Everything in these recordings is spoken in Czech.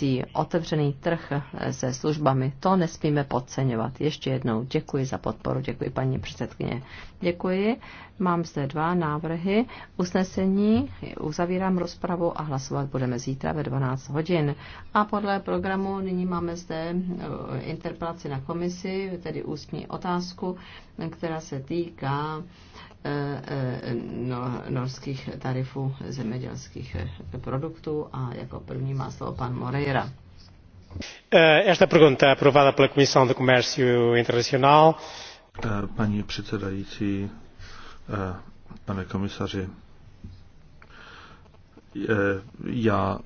věcí, otevřený trh se službami, to nesmíme podceňovat. Ještě jednou děkuji za podporu, děkuji paní předsedkyně. Děkuji. Mám zde dva návrhy. Usnesení uzavírám rozpravu a hlasovat budeme zítra ve 12 hodin. A podle programu nyní máme zde eh, interpelaci na komisi, tedy ústní otázku, která se týká Eh, eh, no, norských tarifů zemědělských eh, produktů a jako první má slovo pan Moreira. Esta pergunta aprovada pela Comissão de Comércio Internacional. Paní předsedající, pane komisaři, já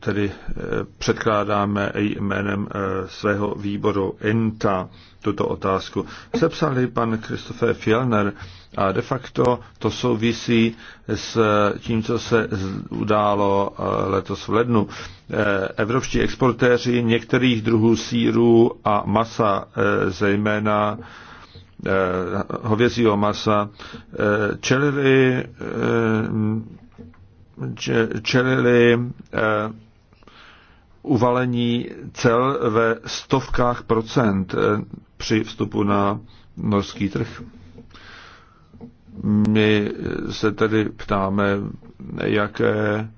tedy eh, předkládáme jménem eh, svého výboru INTA tuto otázku. Sepsali pan Christopher Fjellner a de facto to souvisí s tím, co se událo eh, letos v lednu. Evropští exportéři některých druhů sírů a masa, zejména hovězího masa, čelili čelili eh, uvalení cel ve stovkách procent eh, při vstupu na norský trh. My se tedy ptáme, jaké,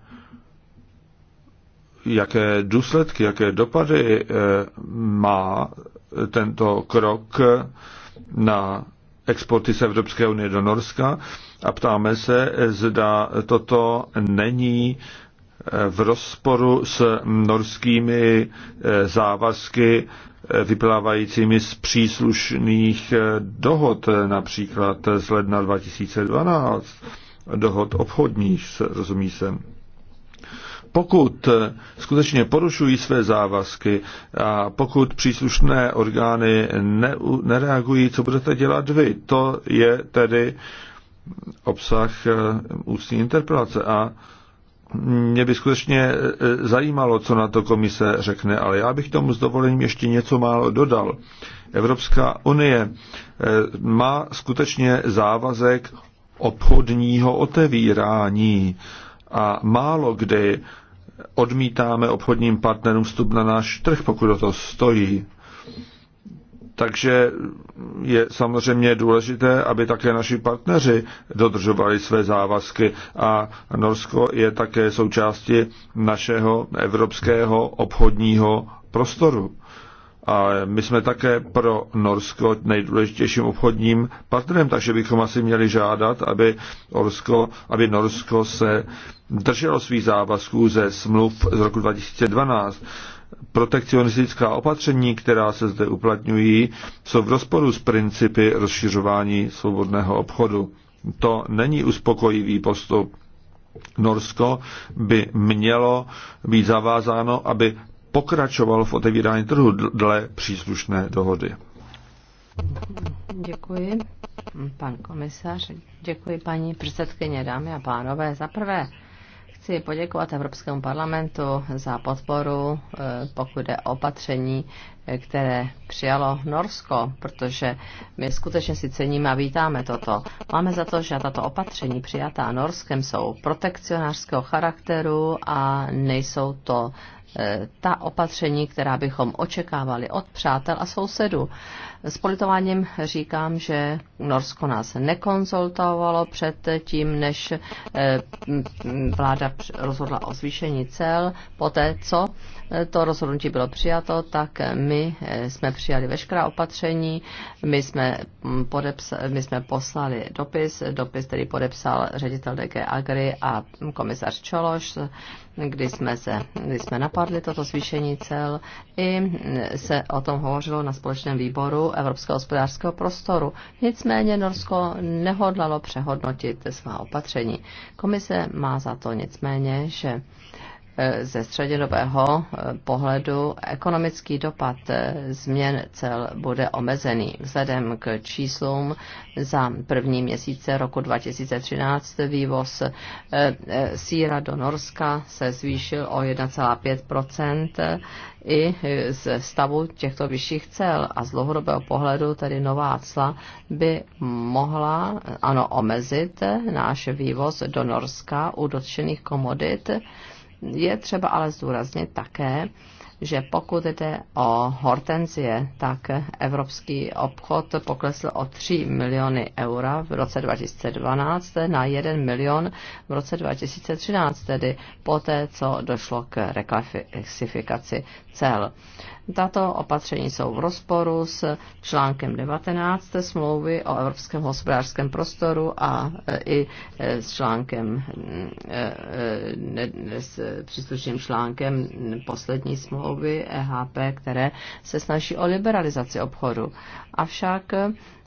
jaké důsledky, jaké dopady eh, má tento krok na exporty z Evropské unie do Norska a ptáme se, zda toto není eh, v rozporu s norskými eh, závazky eh, vyplávajícími z příslušných dohod, například z ledna 2012, dohod obchodních, rozumí se pokud eh, skutečně porušují své závazky a pokud příslušné orgány ne, nereagují, co budete dělat vy? To je tedy obsah eh, ústní interpelace a mě by skutečně eh, zajímalo, co na to komise řekne, ale já bych tomu s dovolením ještě něco málo dodal. Evropská unie má skutečně závazek obchodního otevírání a málo kdy odmítáme obchodním partnerům vstup na náš trh, pokud o to stojí. Takže je samozřejmě důležité, aby také naši partneři dodržovali své závazky a Norsko je také součástí našeho evropského obchodního prostoru. A my jsme také pro Norsko nejdůležitějším obchodním partnerem, takže bychom asi měli žádat, aby, Orsko, aby Norsko se drželo svých závazků ze smluv z roku 2012. Protekcionistická opatření, která se zde uplatňují, jsou v rozporu s principy rozšiřování svobodného obchodu. To není uspokojivý postup. Norsko by mělo být zavázáno, aby pokračoval v otevírání trhu dle příslušné dohody. Děkuji, pan komisař. Děkuji, paní předsedkyně, dámy a pánové. Za prvé chci poděkovat Evropskému parlamentu za podporu, eh, pokud je opatření, eh, které přijalo Norsko, protože my skutečně si ceníme a vítáme toto. Máme za to, že tato opatření přijatá Norskem jsou protekcionářského charakteru a nejsou to Eh, ta opatření, která bychom očekávali od přátel a sousedů. S politováním říkám, že Norsko nás nekonzultovalo před tím, než eh, vláda rozhodla o zvýšení cel. Poté, co eh, to rozhodnutí bylo přijato, tak my jsme přijali veškerá opatření, my jsme, mm, podepsali, my jsme poslali dopis, dopis, který podepsal ředitel DG Agri a komisař Čološ, kdy jsme, se, kdy jsme napadli dopadly toto zvýšení cel. I se o tom hovořilo na společném výboru Evropského hospodářského prostoru. Nicméně Norsko nehodlalo přehodnotit svá opatření. Komise má za to nicméně, že Eh, ze střednědobého eh, pohledu ekonomický dopad eh, změn cel bude omezený. Vzhledem k číslům za první měsíce roku 2013 vývoz síra do Norska se zvýšil o 1,5 i z stavu těchto vyšších cel a z dlouhodobého pohledu tedy nová cla by mohla ano omezit náš vývoz do Norska u dotčených komodit je třeba ale zdůraznit také, že pokud jde o hortenzie, tak evropský obchod poklesl o 3 miliony eura v roce 2012 na 1 milion v roce 2013, tedy poté, co došlo k reklasifikaci cel. Tato opatření jsou v rozporu s článkem 19 smlouvy o Evropském hospodářském prostoru a e, i e, s článkem, e, s příslušným článkem poslední smlouvy EHP, které se snaží o liberalizaci obchodu. Avšak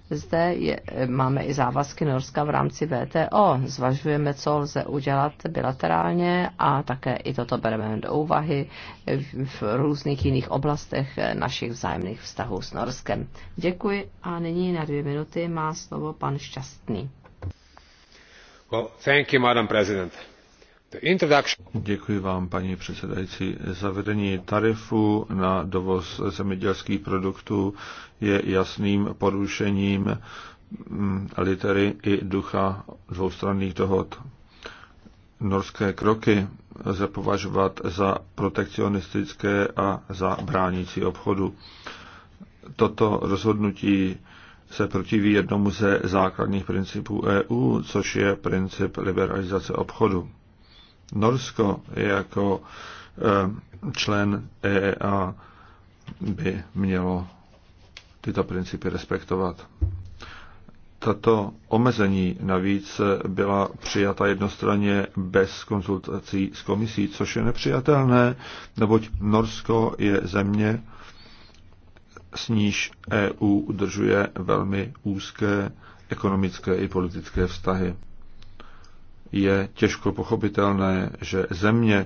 zde je, máme i závazky Norska v rámci VTO. Zvažujeme, co lze udělat bilaterálně a také i toto bereme do úvahy v, v různých jiných oblastech našich vzájemných vztahů s Norskem. Děkuji a nyní na dvě minuty má slovo pan Šťastný. Well, thank you, Madam President. Introduction... Děkuji vám, paní předsedající. Zavedení tarifu na dovoz zemědělských produktů je jasným porušením mm, litery i ducha dvoustranných dohod. Norské kroky lze považovat za protekcionistické a za bránící obchodu. Toto rozhodnutí se protiví jednomu ze základních principů EU, což je princip liberalizace obchodu. Norsko jako eh, člen EEA by mělo tyto principy respektovat. Tato omezení navíc byla přijata jednostranně bez konzultací s komisí, což je nepřijatelné, neboť Norsko je země, s níž EU udržuje velmi úzké ekonomické i politické vztahy je těžko pochopitelné, že země,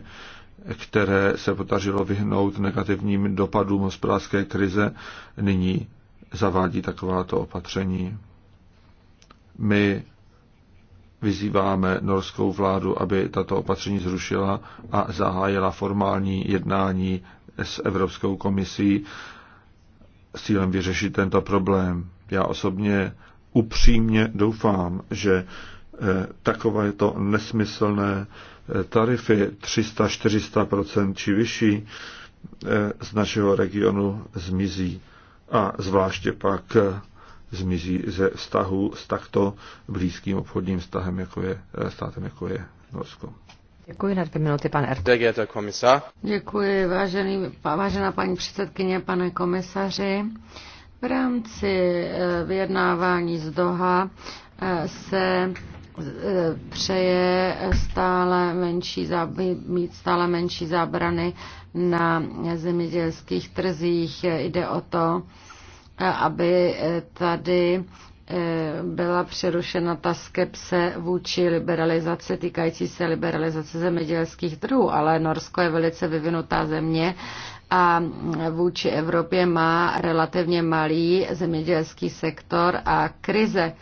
které se podařilo vyhnout negativním dopadům hospodářské krize, nyní zavádí takováto opatření. My vyzýváme norskou vládu, aby tato opatření zrušila a zahájila formální jednání s Evropskou komisí s cílem vyřešit tento problém. Já osobně upřímně doufám, že takové to nesmyslné tarify 300-400% či vyšší eh, z našeho regionu zmizí a zvláště pak eh, zmizí ze vztahu s takto blízkým obchodním vztahem, jako je, eh, státem, jako je Norsko. Děkuji na dvě minuty, pan Ert. Děkuji, vážený, vážená paní předsedkyně, pane komisaři. V rámci vyjednávání z Doha se přeje stále menší, mít stále menší zábrany na zemědělských trzích. Jde o to, aby tady eh, byla přerušena ta skepse vůči liberalizaci, týkající se liberalizace zemědělských trhů, ale Norsko je velice vyvinutá země a vůči Evropě má relativně malý zemědělský sektor a krize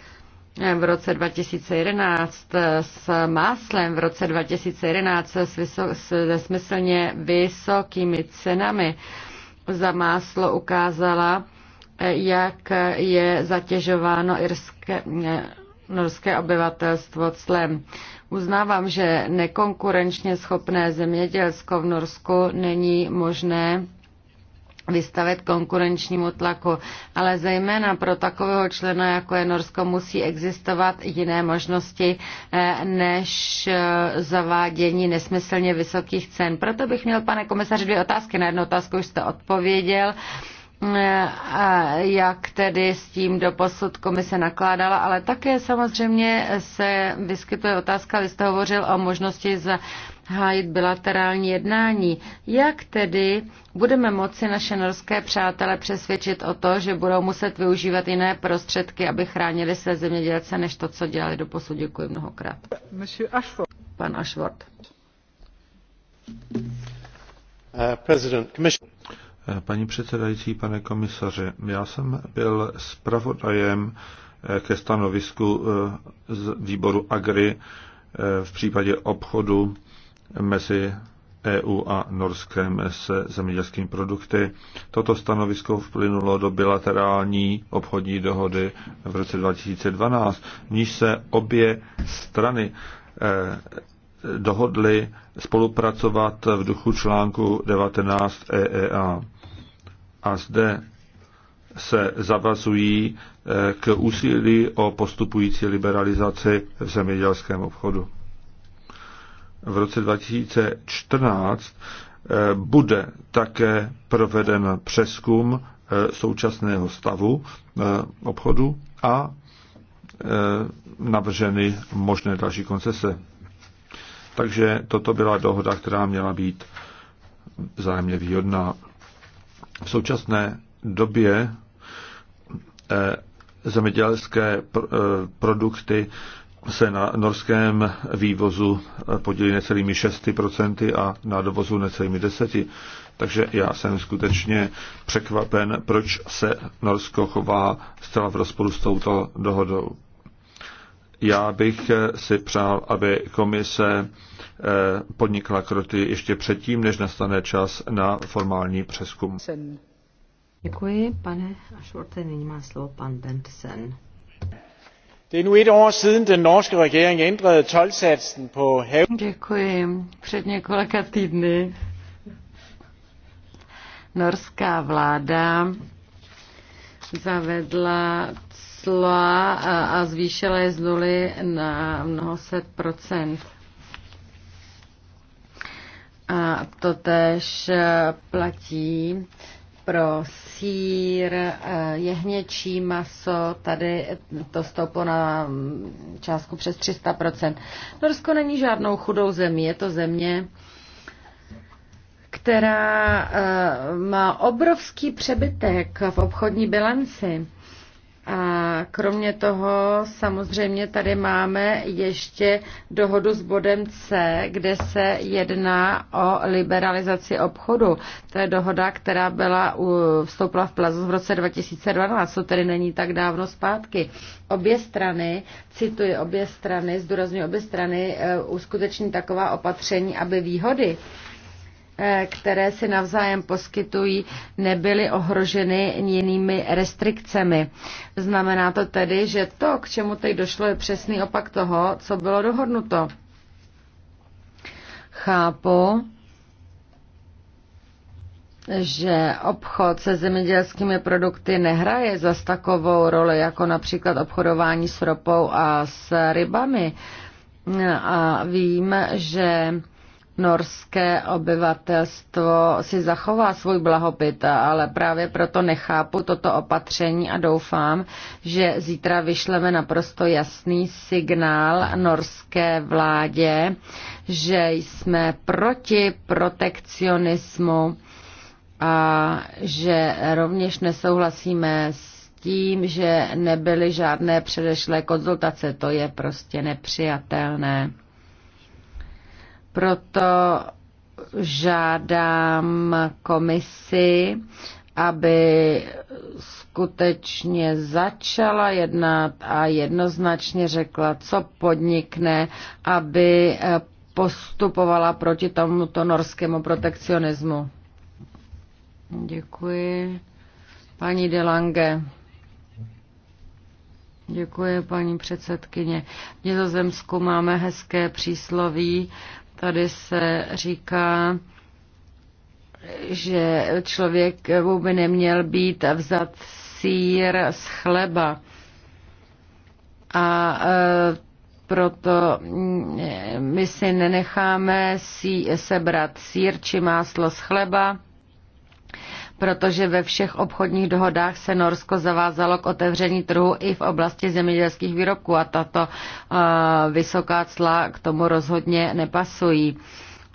v roce 2011 s máslem, v roce 2011 s, vyso- s nesmyslně vysokými cenami za máslo ukázala, jak je zatěžováno irské, norské obyvatelstvo clem. Uznávám, že nekonkurenčně schopné zemědělsko v Norsku není možné vystavit konkurenčnímu tlaku. Ale zejména pro takového člena, jako je Norsko, musí existovat jiné možnosti eh, než eh, zavádění nesmyslně vysokých cen. Proto bych měl, pane komisaři, dvě otázky. Na jednu otázku už jste odpověděl eh, jak tedy s tím do posud komise nakládala, ale také samozřejmě se vyskytuje otázka, vy jste hovořil o možnosti za hájit bilaterální jednání. Jak tedy budeme moci naše norské přátele přesvědčit o to, že budou muset využívat jiné prostředky, aby chránili své zemědělce, než to, co dělali do posud? Děkuji mnohokrát. Pan Ashford. Uh, eh, paní předsedající, pane komisaři, já jsem byl zpravodajem eh, ke stanovisku eh, z výboru Agri v případě obchodu mezi EU a Norskem se zemědělskými produkty. Toto stanovisko vplynulo do bilaterální obchodní dohody v roce 2012, níž se obě strany eh, dohodly spolupracovat v duchu článku 19 EEA. A zde se zavazují eh, k úsilí o postupující liberalizaci v zemědělském obchodu v roce 2014 eh, bude také proveden přeskum eh, současného stavu eh, obchodu a navrženy možné další koncese. Takže toto byla dohoda, která měla být vzájemně výhodná. V současné době zemědělské produkty se na norském vývozu podílí necelými 6% a na dovozu necelými 10%. Takže já jsem skutečně překvapen, proč se Norsko chová zcela v rozporu s touto dohodou. Já bych si přál, aby komise eh, podnikla kroky ještě předtím, než nastane čas na formální přeskum. Děkuji, pane Ashworte. Nyní má slovo pan Bentsen. Det er nu et år siden den norske regering ændrede tolvsatsen på Děkuji. Před několika týdny norská vláda zavedla cla a zvýšila je z nuly na mnoho set procent. A to eh, platí pro sír, eh, jehněčí maso, tady to stouplo na částku přes 300%. Norsko není žádnou chudou zemí, je to země, která eh, má obrovský přebytek v obchodní bilanci. A kromě toho samozřejmě tady máme ještě dohodu s bodem C, kde se jedná o liberalizaci obchodu. To je dohoda, která byla vstoupila v plazu v roce 2012, co tedy není tak dávno zpátky. Obě strany, cituji obě strany, zdůrazňuji obě strany, e, uskuteční taková opatření, aby výhody, Eh, které si navzájem poskytují, nebyly ohroženy jinými restrikcemi. Znamená to tedy, že to, k čemu teď došlo, je přesný opak toho, co bylo dohodnuto. Chápu, že obchod se zemědělskými produkty nehraje zas takovou roli, jako například obchodování s ropou a s rybami. A vím, že norské obyvatelstvo si zachová svůj blahobyt, ale právě proto nechápu toto opatření a doufám, že zítra vyšleme naprosto jasný signál norské vládě, že jsme proti protekcionismu a že rovněž nesouhlasíme s tím, že nebyly žádné předešlé konzultace. To je prostě nepřijatelné. Proto žádám komisi, aby skutečně začala jednat a jednoznačně řekla, co podnikne, aby postupovala proti tomuto norskému protekcionismu. Děkuji. Paní Delange. Děkuji, paní předsedkyně. V Nizozemsku máme hezké přísloví, Tady se říká, že člověk by neměl být vzat sír z chleba. A e, proto mm, my si nenecháme si sebrat sír či máslo z chleba, protože ve všech obchodních dohodách se Norsko zavázalo k otevření trhu i v oblasti zemědělských výrobků a tato eh, vysoká cla k tomu rozhodně nepasují.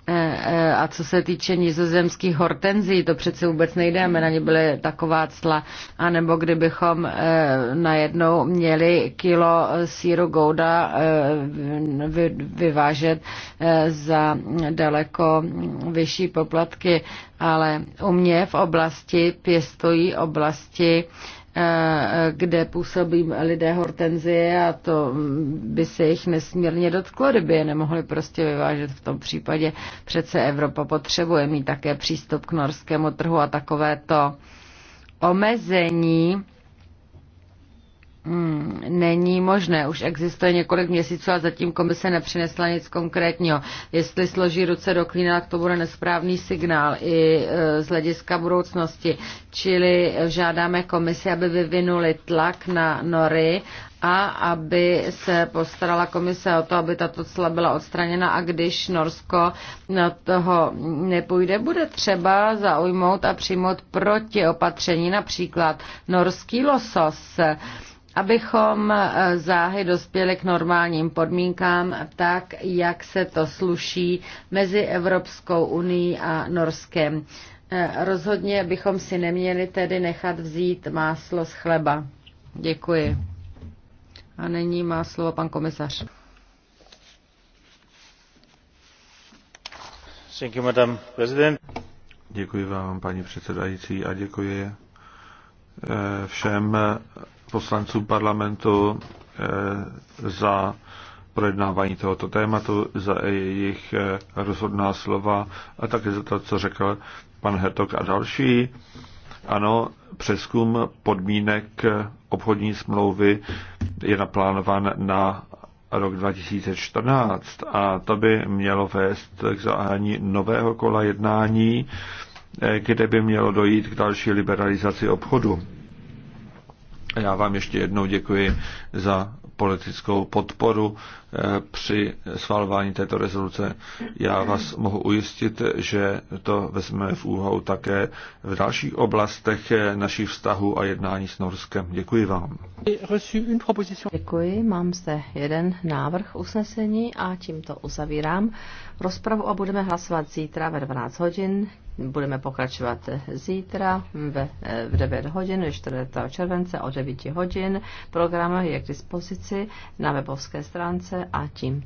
E, e, a co se týče nizozemských hortenzí, to přece vůbec nejde, my na ně byly taková cla. A nebo kdybychom e, najednou měli kilo síru Gouda vyvážet za daleko vyšší poplatky, ale u mě v oblasti pěstují oblasti Eh, kde působí lidé hortenzie a to by se jich nesmírně dotklo, kdyby je nemohli prostě vyvážet. V tom případě přece Evropa potřebuje mít také přístup k norskému trhu a takovéto omezení Hmm, není možné, už existuje několik měsíců a zatím komise nepřinesla nic konkrétního. Jestli složí ruce do klína, tak to bude nesprávný signál i e, z hlediska budoucnosti. Čili žádáme komisi, aby vyvinuli tlak na nory a aby se postarala komise o to, aby tato cla byla odstraněna a když Norsko na toho nepůjde, bude třeba zaujmout a přijmout protiopatření, například norský losos abychom eh, záhy dospěli k normálním podmínkám, tak jak se to sluší mezi Evropskou unii a Norskem. Eh, rozhodně bychom si neměli tedy nechat vzít máslo z chleba. Děkuji. A nyní má slovo pan komisař. Děkuji vám, paní předsedající, a děkuji eh, všem poslanců parlamentu eh, za projednávání tohoto tématu, za jejich eh, rozhodná slova a také za to, co řekl pan Hertog a další. Ano, přeskum podmínek obchodní smlouvy je naplánován na rok 2014 a to by mělo vést k zahání nového kola jednání, eh, kde by mělo dojít k další liberalizaci obchodu. Já vám ještě jednou děkuji za politickou podporu eh, při schvalování této rezoluce. Já vás mohu ujistit, že to vezme v úvahu také v dalších oblastech eh, našich vztahů a jednání s Norskem. Děkuji vám. Děkuji, mám zde jeden návrh usnesení a tímto uzavírám rozpravu a budeme hlasovat zítra ve 12 hodin budeme pokračovat zítra ve, v 9 hodin, 4. července o 9 hodin. Program je k dispozici na webovské stránce a tímto.